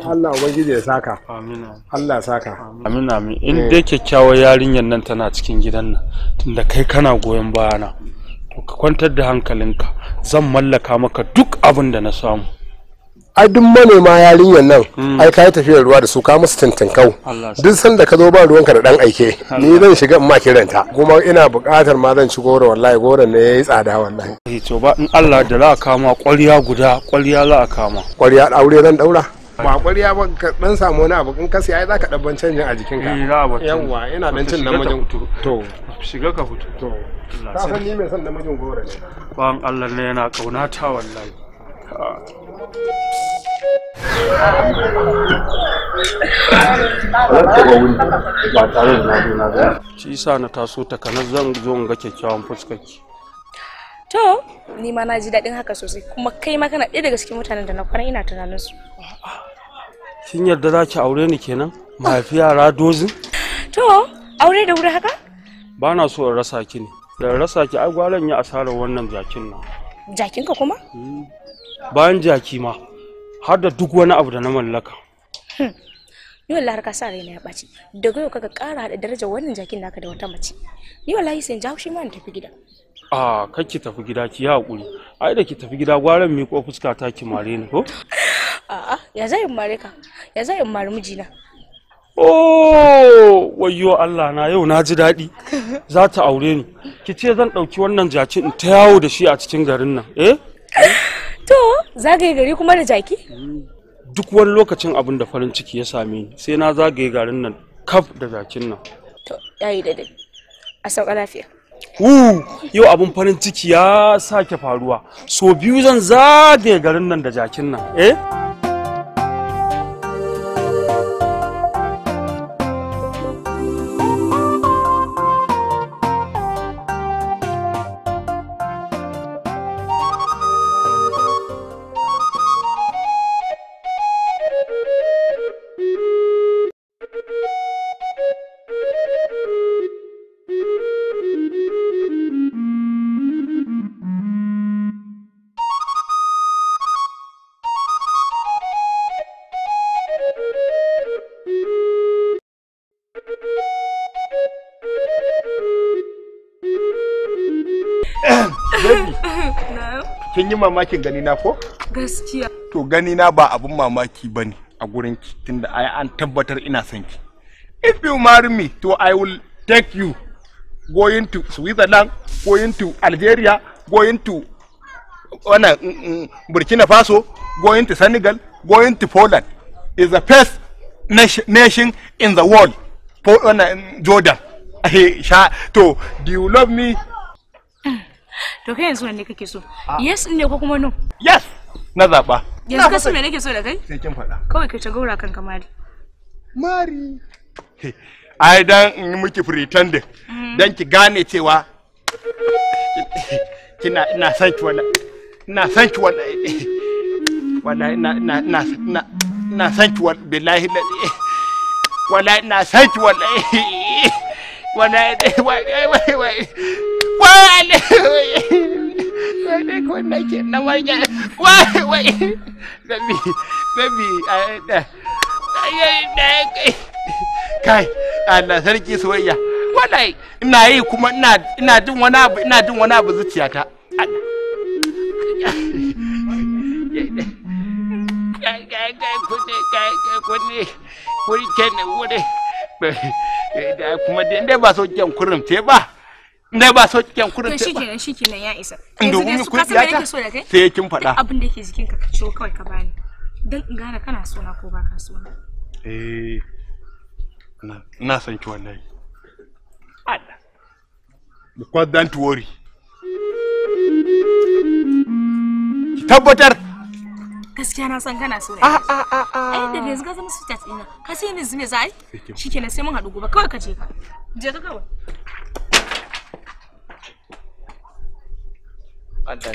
to Allah ubangiji ya saka amina Allah saka amin amin in eh. dai kyakkyawar yarinyar nan tana cikin gidan nan tunda kai kana goyon bayana to ka kwantar da hankalinka zan mallaka maka duk abin da na samu ai duk manema yarinyar nan hmm. ai kai tafiyar ruwa da su ka musu tantankau duk sanda ka zo ba ruwanka da dan aike ni zan shiga in ma kiranta kuma ina bukatar ma zan ci goro wallahi goran ne yayi tsada wallahi eh, to ba in Allah da za kama ƙwarya guda ƙwarya za a kama ƙwarya aure zan daura ba ya ba ka dan samu wani abu in ka siya ai zaka dabban canjin a jikin eh, ka yawa ina dan cin namijin to shiga ka fito to ka san ni mai son namijin gore ne an Allah ne yana ta wallahi Shi sa na taso ta kanar zan zo ga kyakkyawan fuskarki. To, ni ma na ji daɗin haka sosai kuma kai ma kana ɗaya daga cikin mutanen da na kwana ina tunanin su. Kin yarda za ki aure ni kenan? Mahaifi yara dozin? To, aure da wuri haka? Ba na so in rasa ki ne. Da rasa ki ai gwaran ya asarar wannan jakin nan. Jakinka kuma? Hmm. Bayan jaki ma, har da duk wani abu da na mallaka. Hmm. ni wallahi ka sa raina ya ɓaci daga yau kaga ƙara haɗa daraja wannan jakin naka da wata mace ni wallahi sai in jawo shi ma in tafi gida a kai ki tafi gida ki haƙuri ai da ki tafi gida gwaran mi ko fuska ta ki mare ni ko a'a ya zai mare ka ya zai mare mijina oh wayyo Allah na yau na ji daɗi za ta aure ni ki ce zan ɗauki wannan jaki in ta yawo da shi a cikin garin nan eh to zagaye gari kuma da jaki duk wani lokacin abin da farin ciki ya same ni sai na zagaye garin nan kaf da jakin nan to yayi daidai a sauka lafiya yau abun farin ciki ya sake faruwa so biyu zan zage garin nan da jakin nan eh yi mamakin gani na ko? Gaskiya. To gani na ba abin mamaki ba ne a gurin ki tunda ai an tabbatar ina son ki. If you marry me to I will take you going to Switzerland, going to Algeria, going to wana mm, mm, Burkina Faso, going to Senegal, going to Poland. Is the first nation in the world. Jordan. To, do you love me? to kai yanzu ne kake so ah. yes ne ko kuma no yes na zaba yanzu kasu me nake so da kai sai kin faɗa kawai ka ta gaura kanka mari mari ai dan in yi miki pretending mm-hmm. dan ki gane cewa kina ina san ki wannan ina san ki wannan wannan ina ina ina ina ina san ki wannan billahi wallahi ina san ki wallahi wallahi wallahi wale wale ko nake na wanya wai wai baby baby kai Allah sarki soyayya wallahi ina yi kuma ina ina jin wani abu ina jin wani abu zuciyata kuma dai ba so kyan kurumce ba ne ba so kyan kurin ta ke nan ya isa yanzu dai su kasa da nake so da kai sai kin faɗa abin da yake jikin ka ciwo kawai ka bani dan in gane kana so na ko ba ka so na eh na san ki wallahi Allah because don't worry tabbatar gaskiya na san kana so ne a a ah, a ah, a ah, ai da yanzu ka zama su tat ka sai ni zume zai a shikenan sai mun haɗu gobe kawai ka je ka je ka kawai banda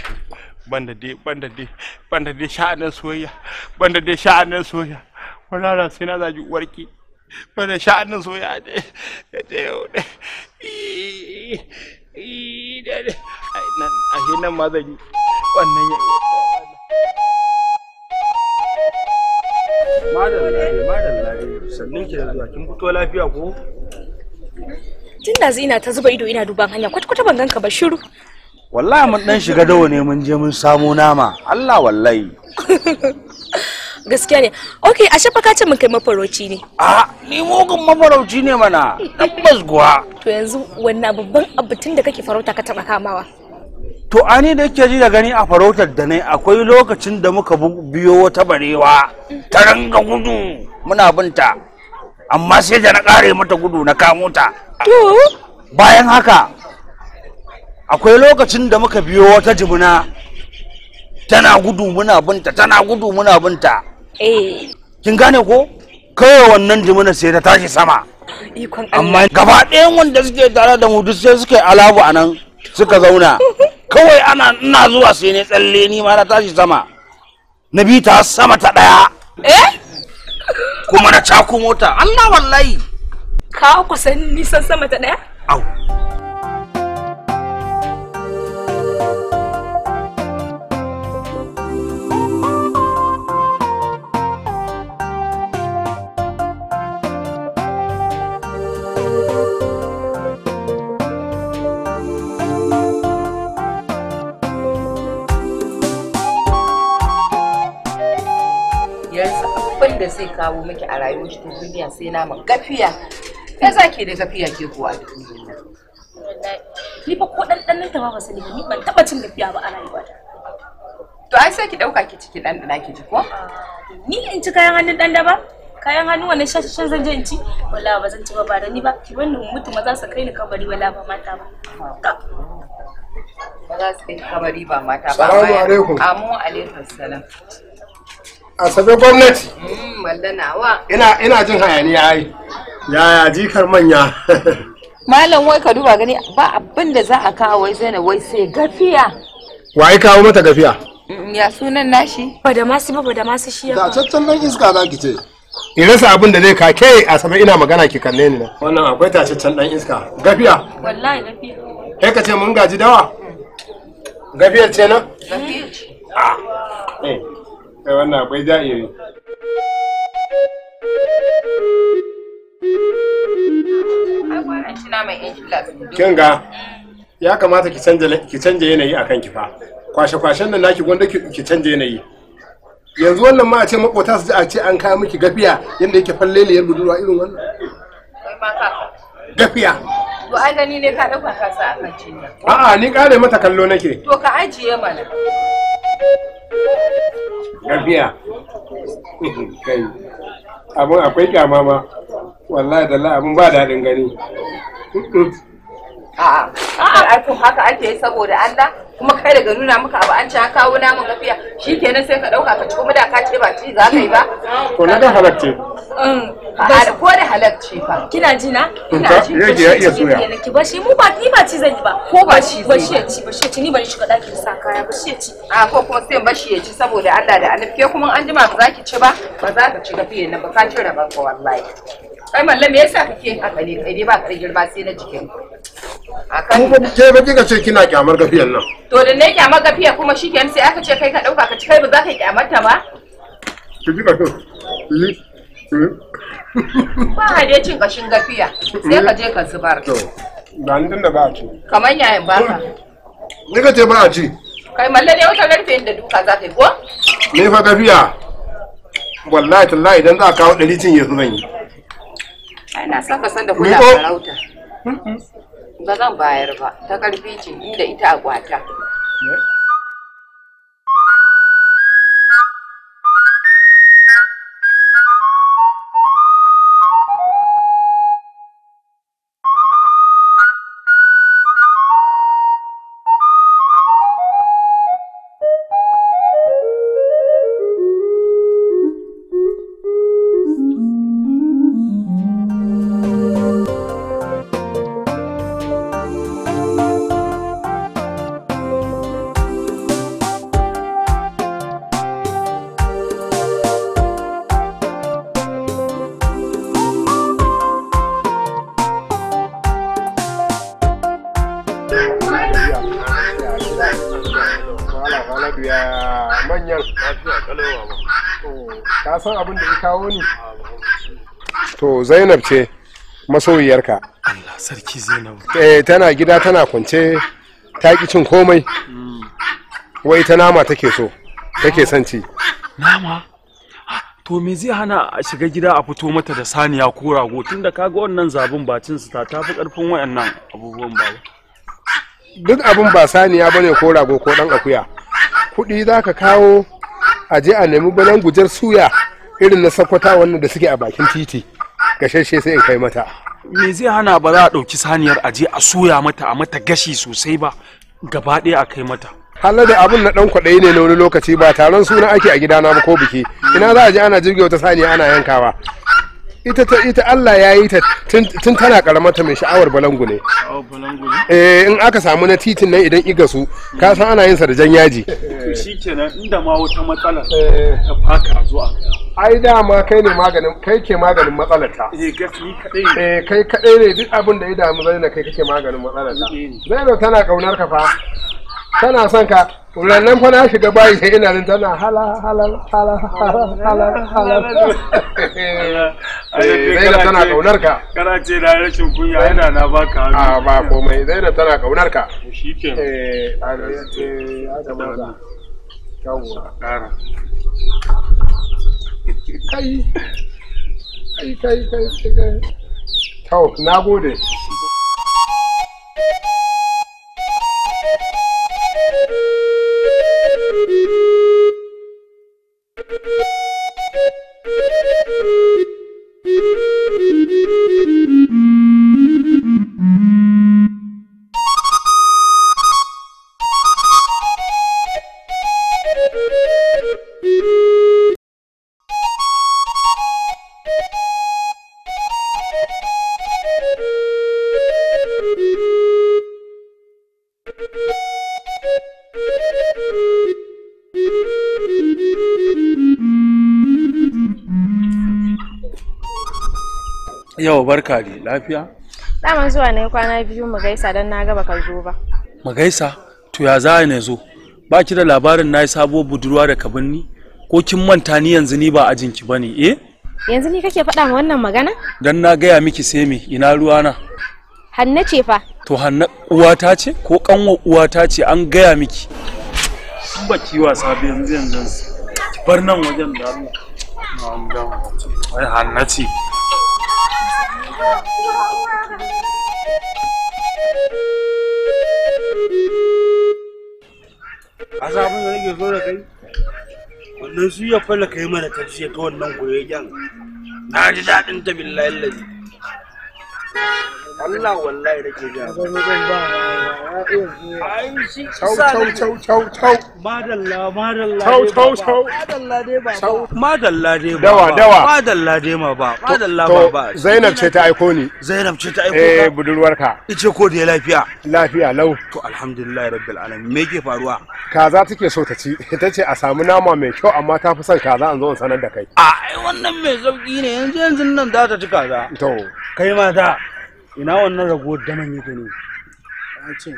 dai banda dai banda dai sha'anin soyayya banda dai sha'anin soyayya wala na sai na zaji uwarki banda sha'anin soyayya dai da ashe nan ma zan yi wannan ya Madalla dai, madalla dai, sannin ki da zuwa kin fito lafiya ko? Tun da ina ta zuba ido ina duban hanya kwata-kwata ban ganka ba shiru wallahi mun dan shiga dawo ne mun je mun samo nama Allah wallahi gaskiya ne ok a shafa ka ce mun kai mafarauci ne a ni mugun mafarauci ne mana dan basguwa to yanzu wannan babban abutun da kake farauta ka taba kamawa to ani da yake ji da gani a farautar da ne akwai lokacin da muka biyo wata barewa ta ranga gudu muna binta amma sai da na kare mata gudu na kamo ta bayan haka akwai lokacin da muka biyo wata jimuna tana gudu muna binta tana gudu muna binta eh kin gane ko kawai wannan jimuna sai ta tashi sama amma gaba ɗayan wanda suke tare da mu duk sai suke alabu a nan suka zauna kawai ana ina zuwa sai ne tsalle ni ma na tashi sama na bi ta sama ta ɗaya eh kuma na caku mota Allah wallahi ka kusan nisan sama ta ɗaya au kawo miki a rayuwar shi duniya sai naman gafiya ya za ke da gafiya ke kuwa da duniya ni fa ko dan ɗanɗanin ta ba sani ni ban taba cin gafiya ba a rayuwa to ai sai ki dauka ki ciki dan dana ki ji ko ni in ci kayan hannun dan da ba kayan hannu wannan shashashan zan je in ci wallahi ba zan ci ba ba da ni ba ki wannan mutum za su kai ni kabari wallahi ba mata ba ba za su kai kabari ba mata ba salamu alaikum amu alaikum salam asabe gwamnati mm. Ina ina jin hayaniya ai. Yaya jikar manya. Malam wai ka duba gani ba abin da za a kawo wai Zainab wai sai gafiya. Wai kawo mata gafiya? Mm, ya sunan nashi? Ba da masu ba ba da masu shi Da cancan nan iska za ki ce. in rasa abin da zai kake a sama ina magana ki kalle ni nan wannan akwai tashacen dan iska gafiya wallahi gafiya kai ka ce mun gaji dawa mm. gafiyar ce na gafiyar kai wannan akwai ja'iri kin ga ya kamata ki canja yanayi a kan kifa kwashe-kwashen nan naki gwanda ki canja yanayi yanzu wannan ma a ce makota su ji a ce an kawo miki gafiya yadda yake falleliyar budurwa irin wannan gafiya to ai gani ne ka dauka kasa a kan cinya a'a ni kare mata kallo nake to ka ajiye mana gafiya kai abin akwai kyama ma wallahi da la abin ba daɗin gani a'a a'a haka ake saboda Allah kuma kai daga nuna maka abu an ci an kawo naman gafiya shi kenan sai ka ɗauka ka ci kuma da ka ce ba ci za ka yi ba. To na da halarci. Mm, ko da halarci fa. Kina ji na? kina ji. Rage ya iya soya. Ki ba shi mu ba ni ba ci zan yi ba. Ko ba shi ba shi ya ci ba shi ya ci ni ba ni shiga ɗakin sa kaya ba shi ya ci. A ko kuma sai ba shi ya ci saboda Allah da Annabi ke kuma an jima ba za ki ci ba ba za ka ci gafiya na ba ka ci rabar ko wallahi. Kai me yasa kake haka ne kai ba kai girma sai na jikin. Akan ke ba kika ce kina kyamar gafiyar nan. To da ne kyamar gafiya kuma shikenan sai aka ce kai ka dauka ka ci kai ba za ka kyamar ta ba. Ki ji ka to. Ba dai cin kashin gafiya sai ka je ka zubar. To ba ni da ba a ci. Kamar yayin ba ka. Ni ka ce ba a ci. Kai malla ne wata garfe inda duka za ka yi ko? Me fa gafiya. Wallahi tallahi idan za a kawo ɗari cin yanzu zan yi. Ai na ka san da kuna farauta. Hmm? Ba zan bayar ba, ta karfi ce inda ita a kwata. ya manyan ka to zainab ce masoyiyarka Allah sarki eh, tana gida tana kwance ta ki cin komai wai ta nama take so take son ci nama ah, to me zai hana a shiga gida a fito mata da saniya ko rago tunda kaga wannan zabin bacin su ta tafi karfin wayannan abubuwan ba duk abin ba saniya bane ko rago ko dan akuya kuɗi za ka kawo a je a nemi banan gujar suya irin na sakwata wannan da suke a bakin titi gashashe sai in kai mata me zai hana ba za a ɗauki saniyar aje a suya mata a mata gashi sosai ba gaba ɗaya a kai mata halar da abin na ɗan kwaɗayi ne na wani lokaci ba taron suna ake a gidana ba ko biki ina za a je ana jirge wata saniya ana yankawa ita ta ita Allah ya yi ta tun tana karamata mai sha'awar balangu ne eh in aka samu na titin nan idan iga su ka san ana yin sa da jan yaji shikenan inda ma wata matsala eh, eh. ta faka zuwa ai dama kai ne maganin kai ke maganin matsalar ta eh, eh kai kadai ne duk abin da ya damu zai na kai kake maganin matsalar ta zai tana kaunar ka fa tana son ka nan fa na shiga bayi sai ina nan tana hala hala hala hala hala hala sai eh, da tana kaunar ka kana ce na rashin kunya yana na baka a ah, ba komai sai da tana kaunar ka shikenan eh a da eh, eh, maza kara kai kai kai kai kai to na gode Beep, beep. Yau barka da lafiya? Daman zuwa ne kwana biyu mu gaisa don na gaba ka zo ba. Mu gaisa? To ya za ne zo? Ba ki da labarin na yi sabuwar budurwa da kabinni? Ko kin manta ni yanzu ni ba ajinki ba ne eh? Yanzu ni kake faɗa wannan magana? Dan na gaya miki sai me ina ruwa na. Hanna ce fa. To hanna uwata ce ko kanwa uwata ce an gaya miki. sun ba ki wasa ba yanzu yanzu. Bar nan wajen da Allah. Na hanna ce. a sabon da nake zo da kai wannan su ya falla kai mana karshe ta wannan koyayyan na ji daɗin ta billahi lalle Allah wallahi rage ga zan zan ba ai shi chau chau chau chau madalla madalla chau chau chau madalla dai ba madalla dai ba dawa dawa madalla dai ma ba madalla ba ba Zainab ce ta aiko ni Zainab ce ta aiko eh, ka eh budurwarka ice ko da lafiya lafiya lau to alhamdulillah rabbil alamin me ke faruwa kaza take so ta ci ita ce a samu nama mai kyau amma ta fi son kaza an zo in sanar da kai a wannan mai sauki ne yanzu yanzu nan za ta ci kaza to kai mata ina wannan rago daman yake ne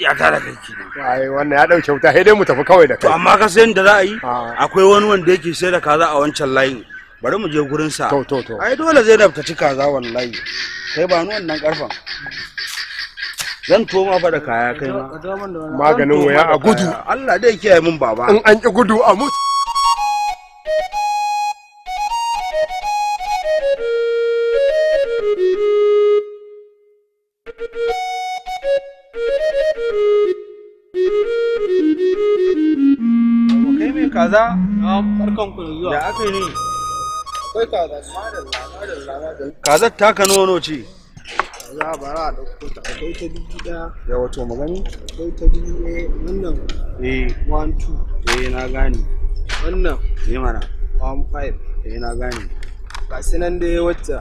ya tara kai ki ai wannan ya dauke wuta sai dai mu tafi kawai da kai to amma ka san da za a yi ah. akwai wani wanda yake sai da kaza a wancan layi bari mu je gurin sa to to to ai dole Zainab ta ci kaza wallahi kai ba ni wannan karfan zan to ma fa da kaya kai ma maganin waya a gudu Allah dai kiyaye mun baba in an ki gudu a mutu kaza barkan ku zuwa da aka yi akwai kaza madalla madalla madalla kazar taka nono ce za a bara a ɗauko ta akwai ta dubu ɗaya ya wato magani akwai ta dubu ɗaya wannan eh one two eh na gane wannan eh mana one five eh na gane ga sinan da ya wacce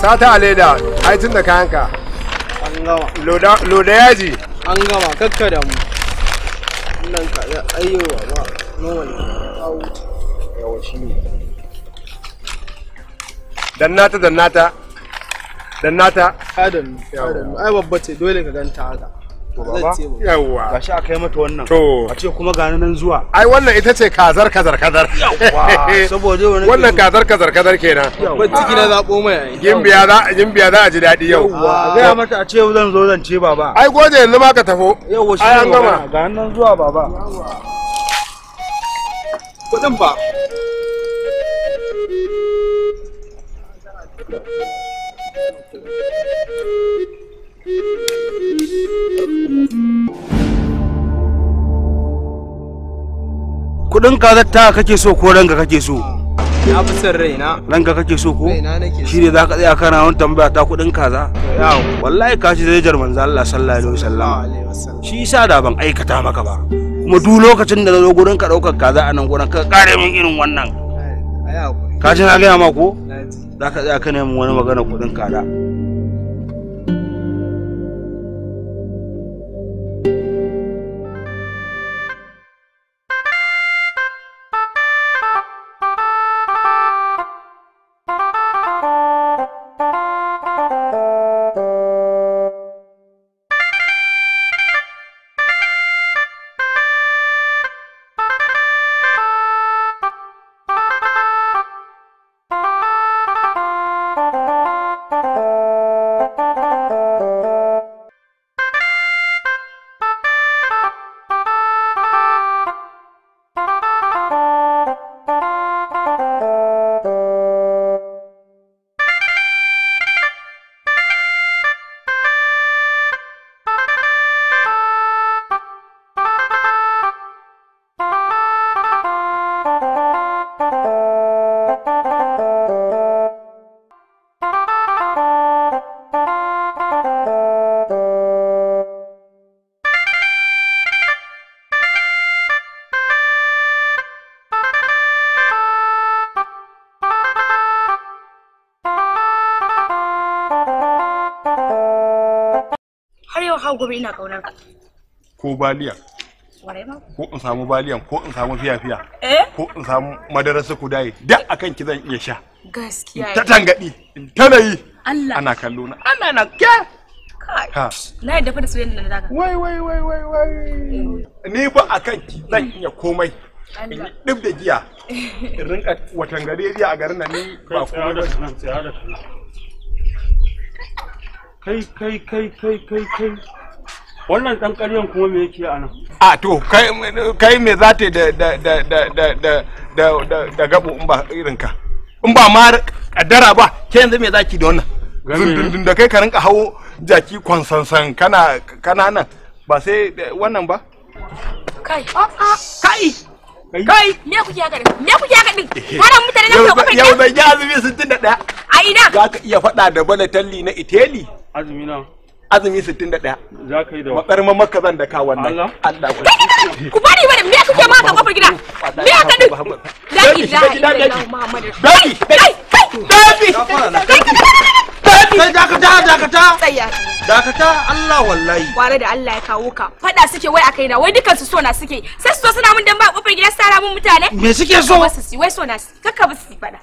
sata a leda ai tun da kayanka an gama loda yaji an gama kakka da mu nan ka ya ayyo ba normal out yawa shi ne dannata dannata dannata adam adam ai babba ce dole ka ganta haka to baba yawa gashi akai mata wannan to a ce kuma ga nan zuwa ai wannan ita ce kazar kazar kazar yawa saboda wannan wannan kazar kazar kazar kenan bacci gina zabo mai gimbiya za gimbiya za a ji dadi yau yawa ga mata a ce zan zo zan ce baba ai gode yanzu ma ka tafo yawa shi an gama ga nan zuwa baba kudin ba Thank you. kudin kazar ta kake so ko ranka kake so na fi son raina ranka kake so ko shi ne za ka tsaya kana wani tambaya ta kudin kaza wallahi ka ci zai jarman Allah sallallahu alaihi wasallam shi yasa da ban aikata maka ba kuma duk lokacin da zo gurin ka daukar kaza a nan gurin ka kare min irin wannan ka ji na gaya ma ko za ka tsaya kana min wani magana kudin kaza har gobe ina kaunar ko baliya ko in samu baliyan ko in samu fiya-fiya eh? ko in samu madarar su kudaye duk akan ki zan iya sha gaskiya ta tangadi in ta nayi ana kallo na ana na ke na yadda fa da soyayya da zaka wai wai wai wai wai ni ba akan ki zan mm. iya komai in duk da giya in rinka watan gariya a garin nan ni ba komai ba kai kai kai kai kai kai wannan dan ƙaryan kuma me yake a nan a to kai me za ta da da da da da da da da in ba irin ka in ba ma kaddara ba ke yanzu me ki da wannan zundundun da kai ka rinka hawo jaki kwansansan kana nan ba sai wannan ba kai kai kai me kuke haka din me kuke haka din haram mutane na kuka kai yau zan yi azumi 61 a ina za ka iya faɗa da balatalli na iteli azumi na azumi 61 za ka yi da wa matsarman makka zan da ka wannan Allah ku bari wani me kake ma ka kofar gida me ka din la ilaha illallah muhammadu babi babi kai dakata dakata dakata Allah wallahi kware da Allah ya kawo ka fada suke wai akai na wai dukan su so na suke sai su so suna mun dan ba kofar gida sara mun mutane me suke so wai so na kakka ba su fada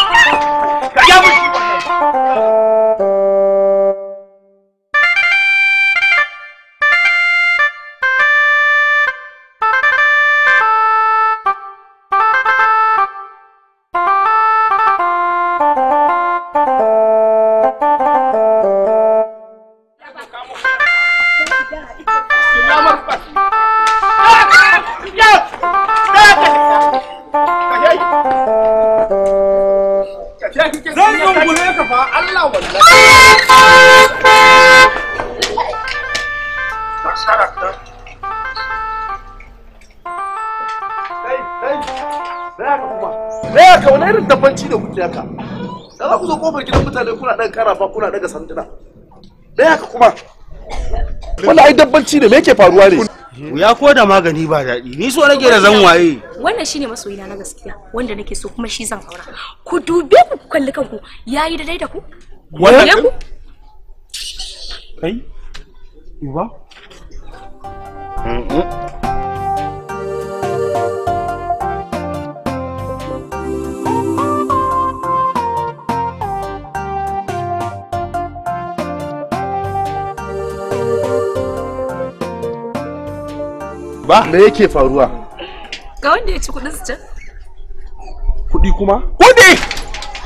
da kuma ai me yake faruwa ne ya ko da magani ba daɗi ni so nake da zan waye wannan shine masoyina na gaskiya wanda nake so kuma shi zan aura ku dube ku kalli kanku yayi da dai da ku wannan ku kai uba ba me yake faruwa ga wanda ya ci kudin su can kudi kuma kudi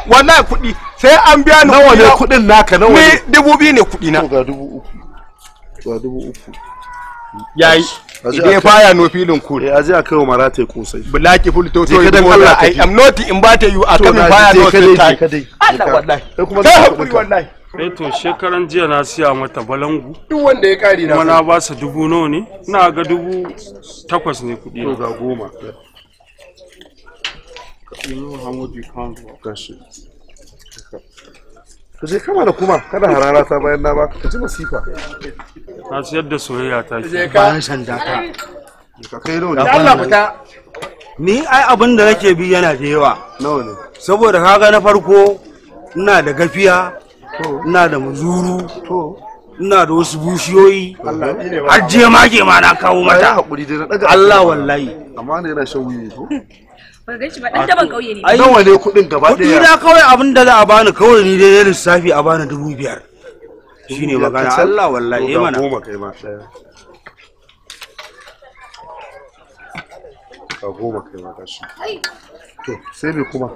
wallahi kudi sai an biya ni nawa ne kudin naka nawa ne dubu biyu ne kudi na ga dubu uku ga dubu uku yayi idan ya faya no feeling cool eh aje akai wa marata ko sai bulaki full to to idan Allah i am not invite you akan faya no feeling filin kai Allah wallahi sai kuma wallahi eh to shekaran jiya na siya mata balangu duk wanda ya kare na Kuma na ba su dubu nawa ne ina ga dubu takwas ne kuɗi to ga goma ka je kama da kuma kada harara ta bayan na ba ka ji masifa na siyar da soyayya ta ke bayan sanda ka. ka kai nawa ne Allah fita ni ai abin da nake bi yana da yawa nawa ne saboda kaga na farko ina da gafiya ina da muzuru ina da wasu bushiyoyi har je ma ke ma na kawo mata Allah wallahi amma ne yana shan wuyi ko ba gan shi ba dan daban kauye ne nawa ne kudin gaba daya kudi na kawai abin da za a bani kawai ni dai lissafi a bani dubu biyar shine magana Allah wallahi eh mana goma kai ma ka goma kai ma kashi to sai me kuma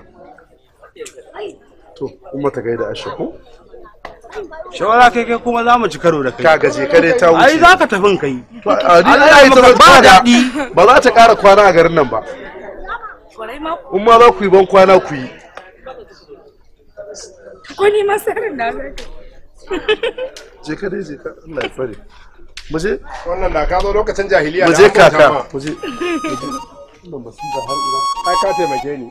to kuma ta gaida ashe ko shawara kai kai kuma za mu ci karo da kai ka gaje ka dai ta wuce ai za ka kai Allah ya ba daɗi ba za ta ƙara kwana a garin nan ba in ma za ku yi ban kwana ku yi ma sarin na je ka dai je ka Allah ya fare mu je wannan ka zo lokacin jahiliya mu je kaka mu je ai ka taimake ni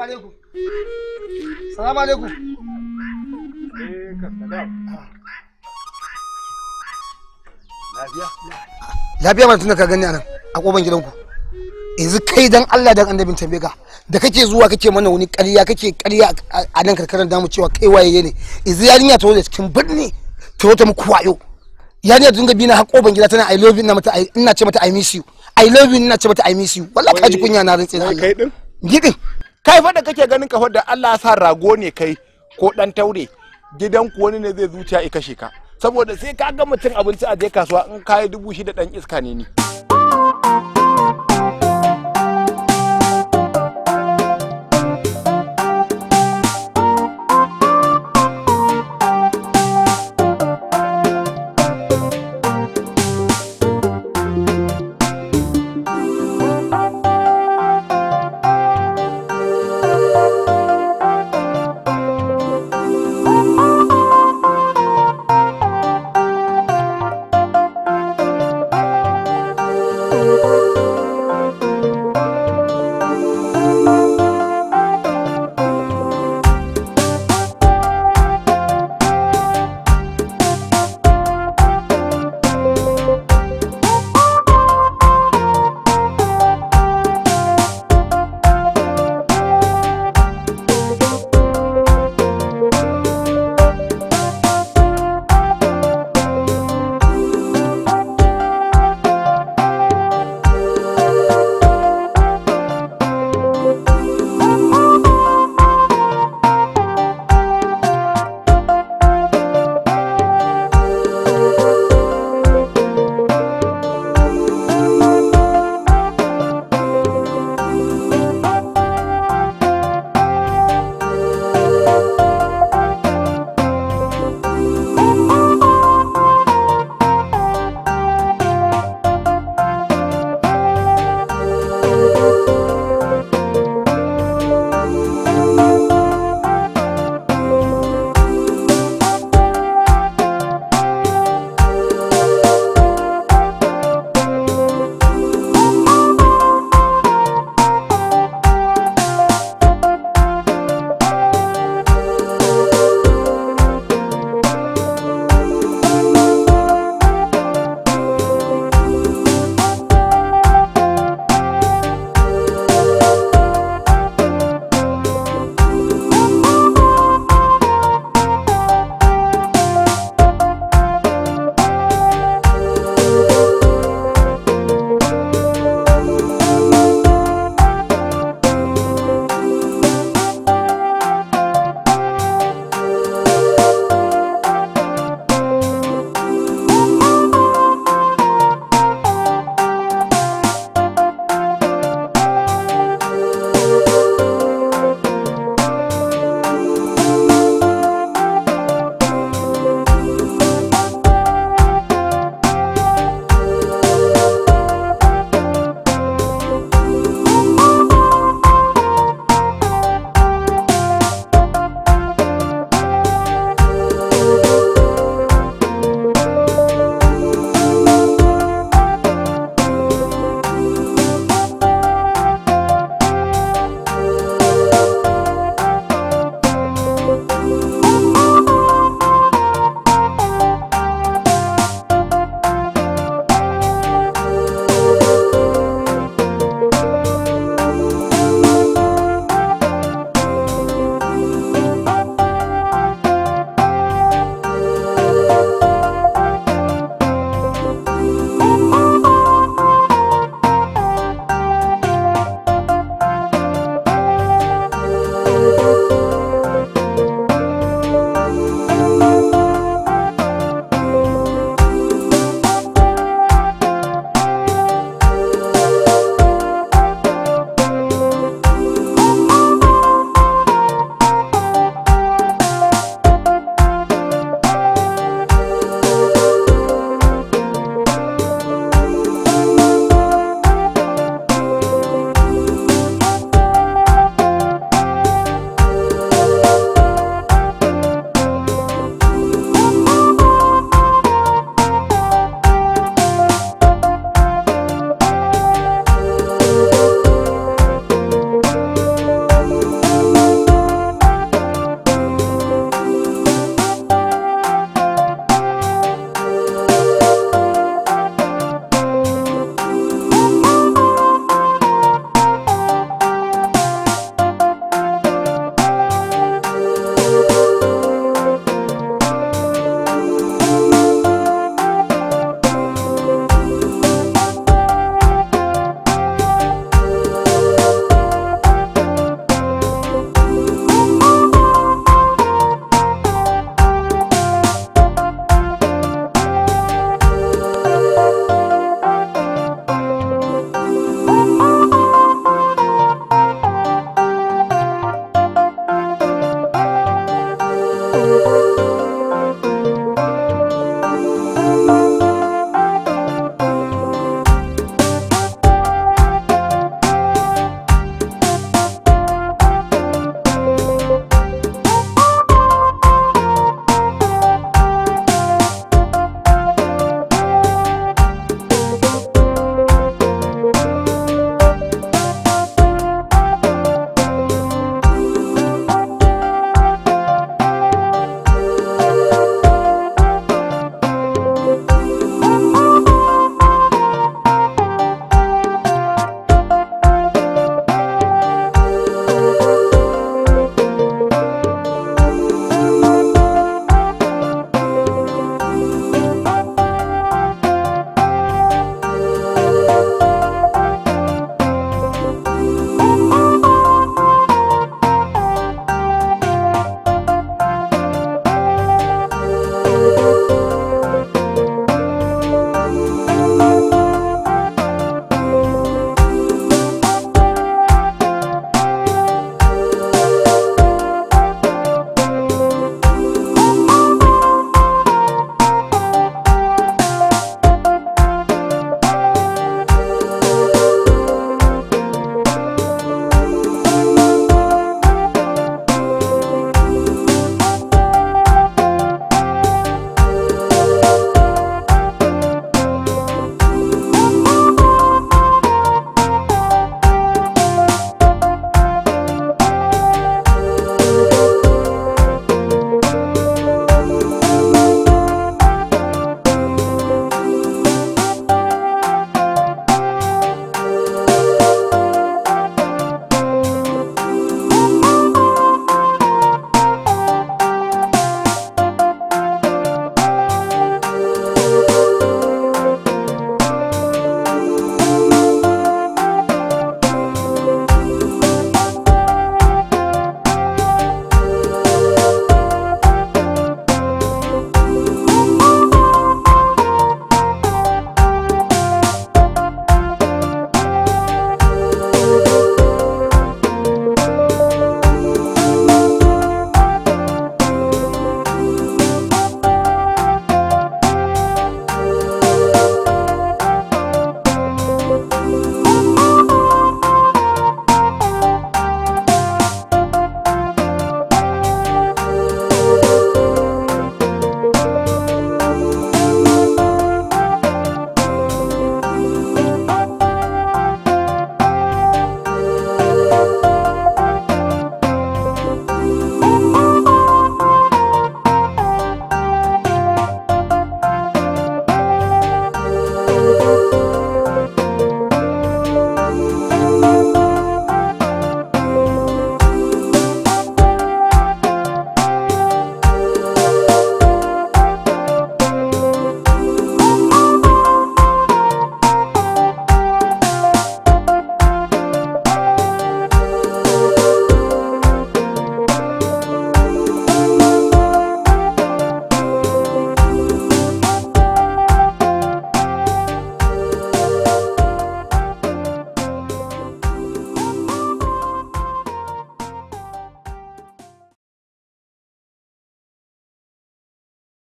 Salamu alaikum. Salamu alaikum. Lafiya. Lafiya tunda ka gani anan a koban gidanku. Yanzu kai dan Allah dan annabin tambaye ka da kake zuwa kake mana wani ƙarya kake ƙarya a nan karkarar damu cewa kai waye ne. Yanzu yarinya ta zo cikin birni ta wata muku wayo. yarinya dinga bi na har koban gida tana i love you ina mata ina ce mata i miss you i love you ina ce mata i miss you wallahi ka ji kunya na rantse na Allah kai din gidin kai fa da kake ganin kafar da Allah sa rago ne kai ko dan taure gidan ku wani ne zai zuciya i kashe ka saboda sai ka ga mutum abinci a je kasuwa in kayi dubu shida dan iska ne ni